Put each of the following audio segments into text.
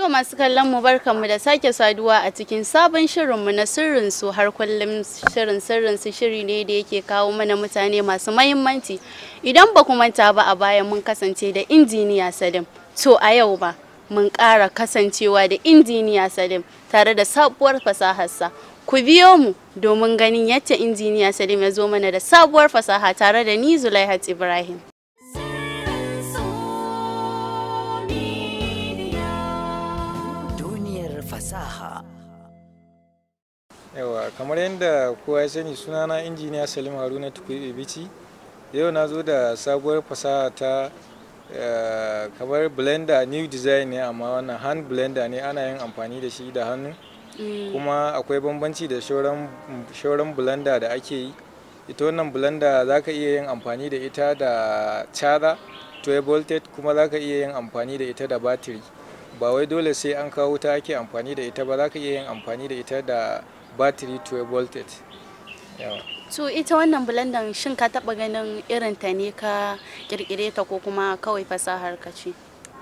To masu kallon mu mu da sake saduwa a cikin sabon shirinmu na sirrin su har kullum shirin sirrin su shiri ne da yake kawo mana mutane masu mahimmanci. Idan ba ku manta ba a baya mun kasance da injiniya Salim. To a yau ba mun ƙara kasancewa da injiniya Salim tare da sabuwar fasaharsa. Ku biyo mu domin ganin yadda injiniya Salim ya zo mana da sabuwar fasaha tare da ni Zulaihat Ibrahim. fasaha. Yawa kamar yadda kowa ya sani sunana injiniya Salim Haruna Tukuri Ibici yau na zo da sabuwar fasaha ta eh, kamar blender new design ne amma wannan hand blender ne ana yin amfani da shi da hannu mm. kuma akwai bambanci da shauran blender da ake yi ita wannan blender za ka iya yin amfani da ita da caza 12 kuma za ka iya yin amfani da ita da batiri ba wai dole sai an kawo wuta ake amfani da ita ba za ka iya yin amfani da ita da battery to a voltage so ita wannan blender shin ka taba ganin irin ta ne ka kirkire ta ko kuma kawai fasahar ka ce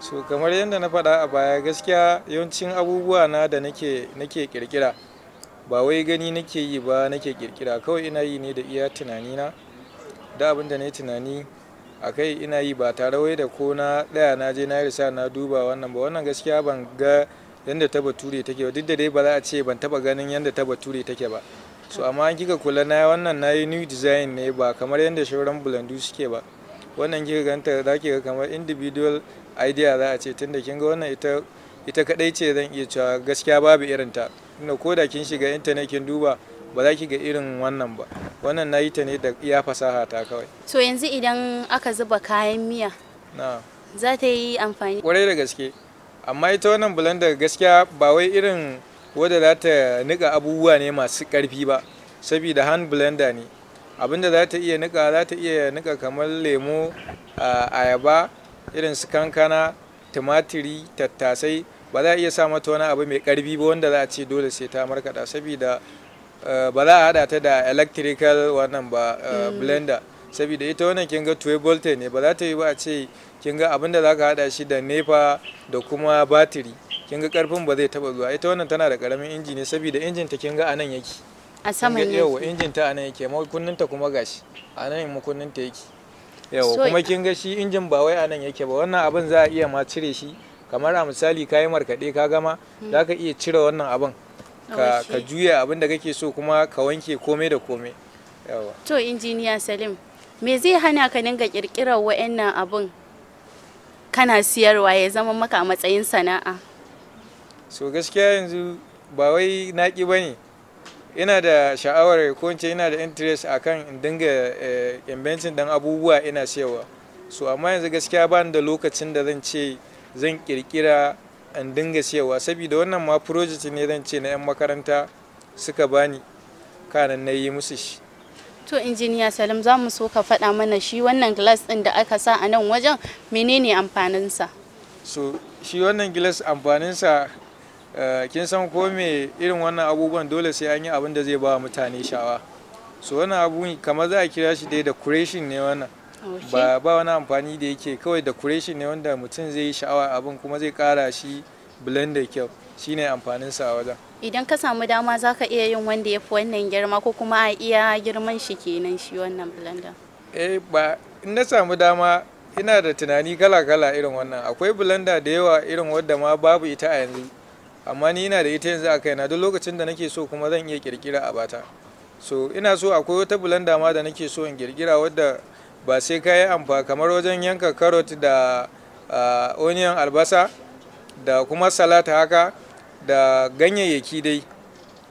so kamar yadda na faɗa a baya gaskiya yawancin abubuwa na da nake nake kirkira ba wai gani nake yi ba nake kirkira kawai ina yi ne da iya tunanina da abin da na yi tunani akai ina yi ba tare wai da ko na ɗaya na je na yi risa na duba wannan ba wannan gaskiya ban ga yadda ta bature take ba duk da dai ba za a ce ban taba ganin yadda ta bature take ba so amma an kika kula na wannan na yi new design ne ba kamar yadda shauran bulandu suke ba wannan kika ganta za ki ga kamar individual idea za a ce tunda kin ga wannan ita ita kadai ce zan iya cewa gaskiya babu irinta ta ko da kin shiga intanet kin duba ba za ki ga irin wannan ba wannan na yi ta ne da iya fasaha ta kawai to yanzu idan aka zuba kayan miya za ta yi amfani kwarai da gaske amma ita wannan blender gaskiya ba wai irin wadda za ta nika abubuwa ne masu karfi ba saboda hand blender ne abinda za ta iya nika za ta iya nika kamar lemo ayaba irin su kankana tumatiri tattasai ba za a iya sa mata wani abu mai ƙarfi ba wanda za a ce dole sai ta markaɗa saboda Eh, ba za a hada ta da electrical wannan ba eh, mm. blender saboda ita wannan kin ga 12 volt ne ba za ta yi ba a ce kin ga abin da ka hada shi da nepa da kuma batiri kin ga karfin ba zai taba zuwa ita wannan tana da karamin inji ne saboda injin ta kin ga a nan yake a saman yake yawa injin ta nan yake makunnin ta kuma gashi nan makunnin ta yake yawa kuma kin ga shi injin ba wai nan yake ba wannan abin za a iya ma cire shi kamar a misali kayi markaɗe ka gama mm. za ka iya cire wannan abin ka juya abinda da kake so kuma ka wanke komai da komai to injiniya salim me zai hana ka dinga kirkirar wa'annan abun kana siyarwa ya zama maka a matsayin sana'a so gaskiya yanzu ba wai naki ba ne ina da sha'awar ko ina da interest akan in dinga eh, inventing dan abubuwa ina siyarwa so amma yanzu gaskiya ba da lokacin da zan ce zan kirkira in dinga cewa saboda wannan ma project ne zan ce na 'yan makaranta suka bani kanan na yi musu shi to injiniya salim za mu so ka faɗa mana shi wannan glass ɗin da aka sa a nan wajen menene amfaninsa so shi wannan glass amfaninsa eh, kin san ko me irin wannan abubuwan dole sai an yi abin da zai ba mutane sha'awa so wannan abu kamar za a kira shi dai da creation ne wannan ba ba wani amfani da yake kawai da decoration ne wanda mutum zai yi sha'awa abin kuma zai kara shi blender kyau shine amfanin sa a wajen idan ka samu dama zaka iya yin wanda ya fi wannan girma ko kuma a iya girman shi kenan shi wannan blender eh ba in na samu dama ina da tunani kala-kala irin wannan akwai blender da yawa irin wadda ma babu ita a yanzu amma ni ina da ita yanzu a kaina duk lokacin da nake so kuma zan iya kirkira a bata so ina so akwai wata blender ma da nake so in kirkira wadda ba sai ka yi amfani kamar wajen yanka karot da uh, onion albasa da kuma salata haka da ganyayyaki dai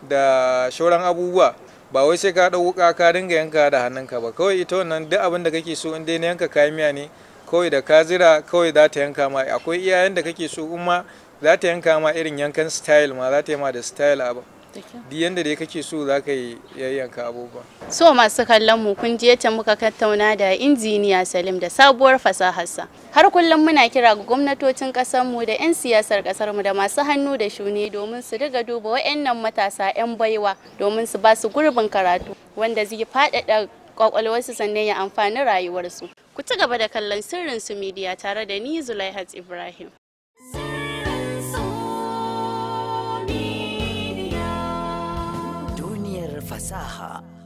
da shauran abubuwa ba wai sai ka ɗau wuka ka dinga yanka da hannunka ba kawai ita wannan duk abin da kake so in dai na yanka kayan miya ne kawai da ka zira kawai za ta yanka ma akwai iyayen da kake so kuma za ta yanka ma irin yankan style ma za ta yi ma da style abu duk yanda dai kake so za ka yi yayyanka abubuwa so masu kallon mu kun je ta muka tattauna da injiniya salim da sabuwar fasaharsa har kullum muna kira ga gwamnatocin kasar mu da 'yan siyasar kasar mu da masu hannu da shuni domin su riga duba wa'annan matasa 'yan baiwa domin su ba su gurbin karatu wanda zai faɗaɗa kwakwalwarsu sannan ya amfani rayuwarsu ku ci gaba da kallon sirrin su media tare da ni zulaihat ibrahim fasaha.